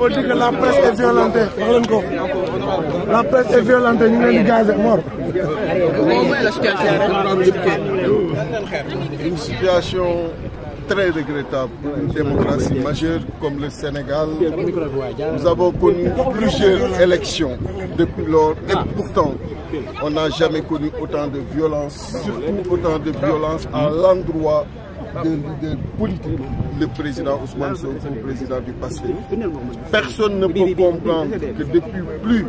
faut dire que la presse est violentée wax ko la presse est violentée ñu ngi leen di gazé Mor. une situation très regrettable pour démocratie majeure comme le Sénégal nous avons connu plusieurs élections depuis lors et pourtant on n'a jamais connu autant de violence surtout autant de violence à l'endroit d'un leader politique, le président Ousmane Sonko, président du passé. Personne ne peut comprendre que depuis plus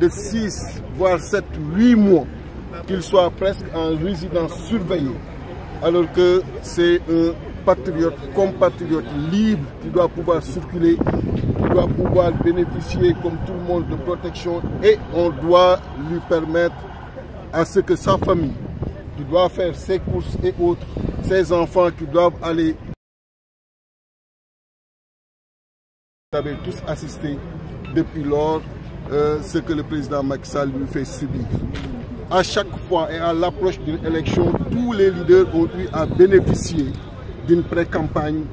de 6, voire 7, 8 mois, qu'il soit presque en résidence surveillée, alors que c'est un patriote, compatriote libre qui doit pouvoir circuler, qui doit pouvoir bénéficier comme tout le monde de protection et on doit lui permettre à ce que sa famille, qui doit faire ses courses et autres, ces enfants qui doivent aller. Euh, ce que le président Macky Sall lui fait subir. À chaque fois et à l'approche d'une élection, tous les leaders ont eu à bénéficier d'une pré-campagne.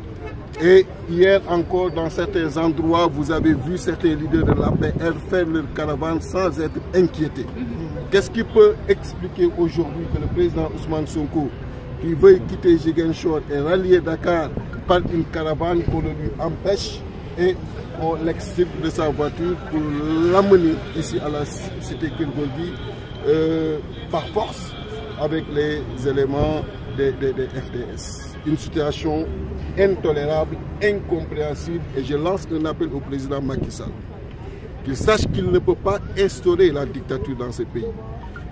Et hier encore, dans certains endroits, vous avez vu certains leaders de l'APR faire leur caravane sans être inquiétés. Qu'est-ce peut expliquer aujourd'hui que le président Ousmane Sonko qui veuille quitter Ziguinchor et rallier Dakar par une caravane qu'on lui empêche et on l'extirpe de sa voiture pour l'amener ici à la cité Kirgoldi euh, par force avec les éléments des, des, des FDS. Une situation intolérable, incompréhensible et je lance un appel au président Macky Sall qu'il sache qu'il ne peut pas instaurer la dictature dans ce pays.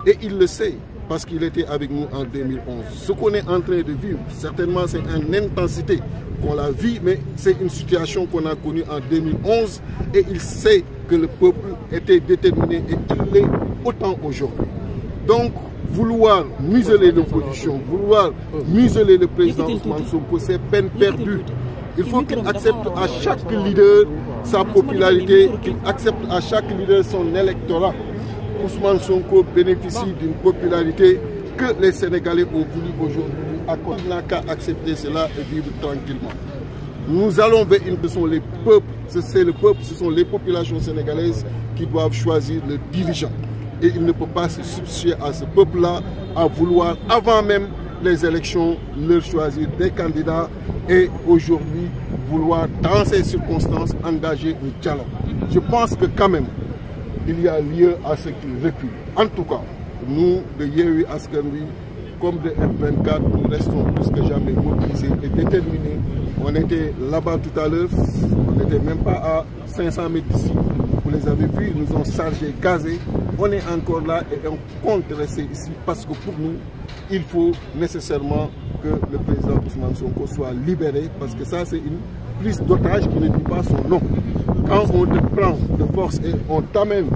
Et il le sait. parce qu'il était avec nous en 2011. Ce qu'on est en train de vivre, certainement c'est une intensité qu'on la vit, mais c'est une situation qu'on a connue en 2011 et il sait que le peuple était déterminé et il l'est autant aujourd'hui. Donc, vouloir museler l'opposition, vouloir museler le président Ousmane Sonko, c'est peine perdue. Il faut qu'il accepte à chaque leader sa popularité, qu'il accepte à chaque leader son électorat. Ousmane Sonko bénéficie d'une popularité que les Sénégalais ont voulu aujourd'hui. À quoi on n'a qu'à accepter cela et vivre tranquillement. Nous allons vers Ce sont les peuples, le peuple, ce sont les populations sénégalaises qui doivent choisir le dirigeant. Et il ne peut pas se substituer à ce peuple à vouloir, avant même les élections, leur choisir des candidats et aujourd'hui vouloir, dans ces circonstances, engager un dialogue. Je pense que quand même, il y a lieu à ce qu'il recule. En tout cas, nous, de Yewi Askanoui, comme de F24, nous restons plus que jamais mobilisés et déterminés. On était là-bas tout à l'heure, on n'était même pas à 500 mètres d'ici. Vous les avez vus, ils nous ont chargés, gazés. On est encore là et on compte rester ici parce que pour nous, il faut nécessairement que le président Ousmane Sonko soit libéré parce que ça, c'est une prise d'otage qui ne dit pas son nom. quand on te prend de force et on t'amène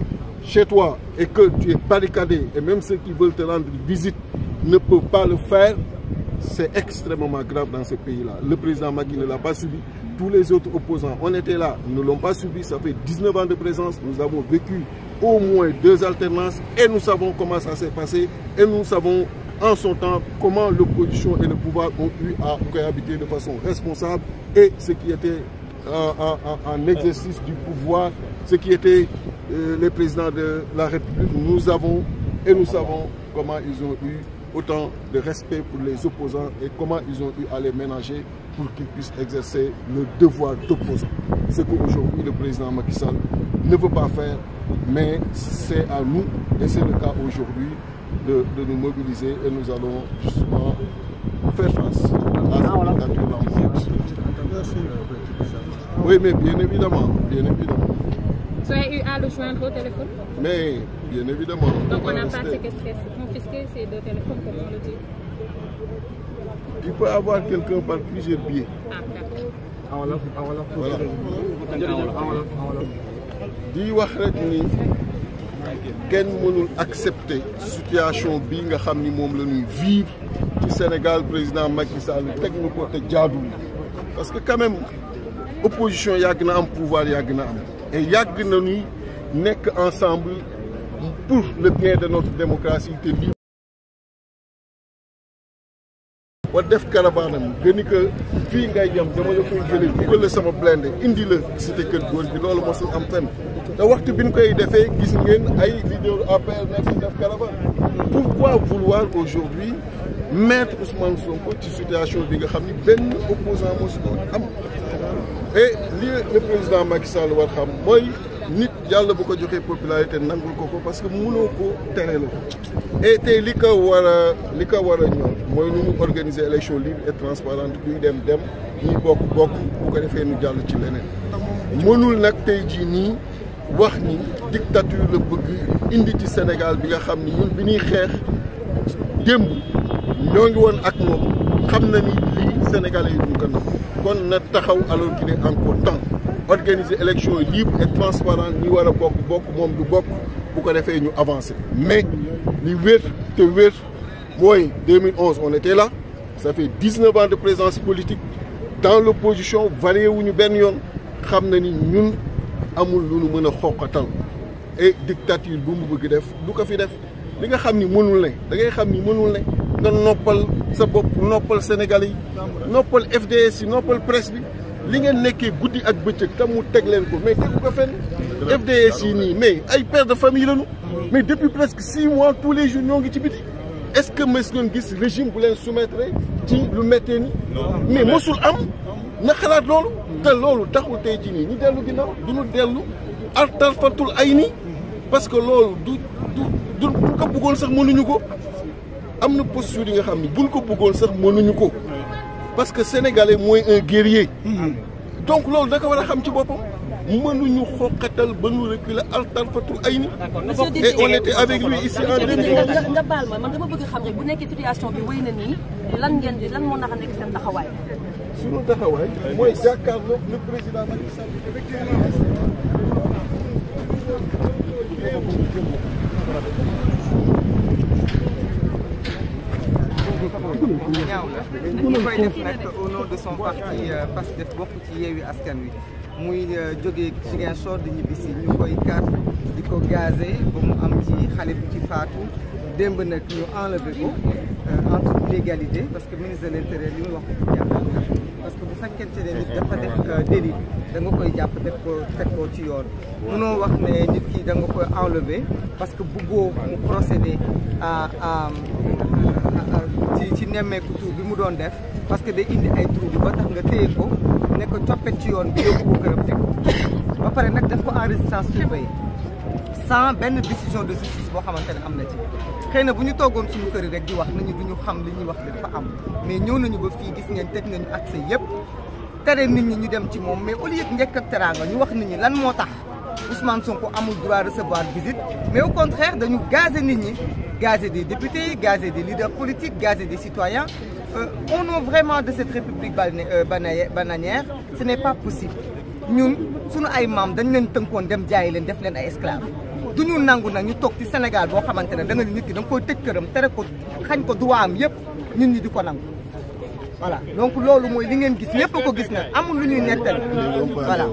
chez toi et que tu es barricadé, et même ceux qui veulent te rendre visite ne peuvent pas le faire, c'est extrêmement grave dans ce pays-là. Le président Magui ne l'a pas subi. Tous les autres opposants, on était là, ne l'ont pas subi. Ça fait 19 ans de présence. Nous avons vécu au moins deux alternances et nous savons comment ça s'est passé. Et nous savons en son temps comment l'opposition et le en, en, en, exercice du pouvoir, ce qui était euh, les présidents de la République, nous avons et nous savons comment ils ont eu autant de respect pour les opposants et comment ils ont eu à les ménager pour qu'ils puissent exercer le devoir d'opposant. Ce qu'aujourd'hui le président Macky Sall ne veut pas faire, mais c'est à nous, et c'est le cas aujourd'hui, de, de, nous mobiliser et nous allons justement faire face à la dictature Oui, mais bien évidemment, bien évidemment. Tu as eu à le joindre au téléphone Mais bien évidemment. Donc on n'a pas séquestré, avoir quelqu'un par plusieurs biais. Ah, ah, ah, di wax rek ni kenn mënul accepter situation bii nga xam ni moom la ñuy vivre ci Sénégal président Macky Sall teg na ko te jaadul parce que quand même. opposition yàgg na am yàgg na am et na ñuy nekk ensemble pour le de notre démocratie te lii wa def karabaanam gëni que fii ngay yem dama yo koy jële dugal la sama blende indi la cité kër góor bi loolu mosul am fenn te waxtu bi ñu koy defee gis ngeen ay leader APR pourquoi vouloir aujourd'hui mettre Ousmane Sonko ci situation bi nga xam ni benn opposant mosu et li le président Macky Sall war xam mooy nit yàlla bu ko joxee popularité nangul ko ko parce que mënoo ko tere la et tey li ko war li ko war a mooy nu mu organiser élection libre et transparente kuy dem dem ñuy bokk bokk bu ko defee nu jàll ci leneen mënul nag tey jii nii wax ni dictature la bëgg indi ci Sénégal bi nga xam ni ñun bi ñuy xeex démb ñoo ngi woon ak moom xam na ni lii Sénégalais yi duñ ko nangu kon na taxaw alors qu'il est encore temps organiser élection libre et transparente ñi war a bokk bokk moom du bokk bu ko defee ñu avancer mais li wér te wér mooy 2011 on la là ça fait 19 ans de présence politique dans l'opposition wu ñu benn yoon xam na ni ñun amul lu nu mën a xoqatal et dictature bu mu bëgg def du ko fi def li nga xam ni mënul ne da ngay xam ni mënul ne nga noppal sa bopp noppal Sénégal yi noppal FDS yi noppal presse bi li ngeen nekkee guddi ak bëccëg tam mu teg leen ko mais tegu ko fenn FDS yi nii mais ay père de famille lañu mais depuis presque six mois tous les jours ñoo ngi ci biti est-ce que mës ngeen gis régime bu leen sumetre ci lu méttee ni mais mosul am na xalaat loolu te loolu taxul tey ci nii ñu dellu ginnaaw du ñu dellu artarfatul ay nii parce que loolu du du du ko bëggoon sax mënuñu ko am na posture yi nga xam ni buñ ko bëggoon sax mënuñu ko parce que sénégalais mooy un guerrier donc loolu da ko war a xam ci boppam mënuñu xoqatal ba nu reculer altarfatul ay ni et on était avec lui ici en 2011 nga baal ma man dama bëgg xam ne bu nekk situation bi wéy na nii lan ngeen di lan moo naka nekk seen taxawaay suñu taxawaay mooy jàkkaarloo ñaaw la ñu koy def nag au nom de son parti Pastef bokk ci Yewwi Askan Wi muy jógee Ziguinchor di ñibbisi ñu koy kar di ko gazé ba mu am ci xale bu ci faatu démb nag ñu enlevé ko en toute légalité parce que ministre de l'intérieur li mu wax parce que bu fekkente ne nit dafa def koy jàpp def ko teg ci yoon munoo da nga koy enlevé parce que buggoo mu procéder ci ci nemmeeku tur bi mu doon def parce que day indi ay trouble ba tax nga téye ko ne ko coppet ci yoon bi yóbbu ko këram teg ba pare nag def ko en résistance surveillée sans benn décision de justice boo xamante ne am na ci xëy na bu ñu toogoon suñu kër yi rek di wax nañu du ñu xam li ñuy wax li dafa am mais ñëw nañu ba fii gis ngeen teg nañu accès yëpp tere nit ñi ñu dem ci moom mais au lieu njëkk teraanga ñu wax nit ñi lan moo tax Ousmane Sonko amul droit recevoir visite mais au contraire dañu gazer nit ñi gazer des députés gazer des leaders politiques gazer des citoyens euh, au nom vraiment de cette république euh, bananière ce n'est pas possible ñun sunu ay maam dañ leen tënkoon dem jaayi leen def leen ay esclaves du ñu nangu nag ñu toog ci Sénégal boo xamante ne da nit ki da nga koy tëj këram tere ko xañ ko droit am yëpp ñun ñi di ko nangu voilà donc loolu mooy li ngeen gis ñëpp ko gis nag amul lu ñuy nettali voilà.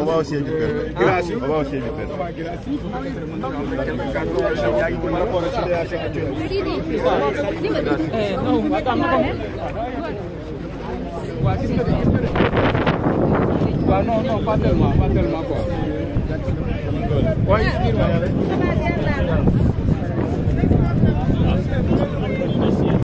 on va au siège du peuple. on va au siège du peuple. waaw non non pas tellement pas tellement quoi.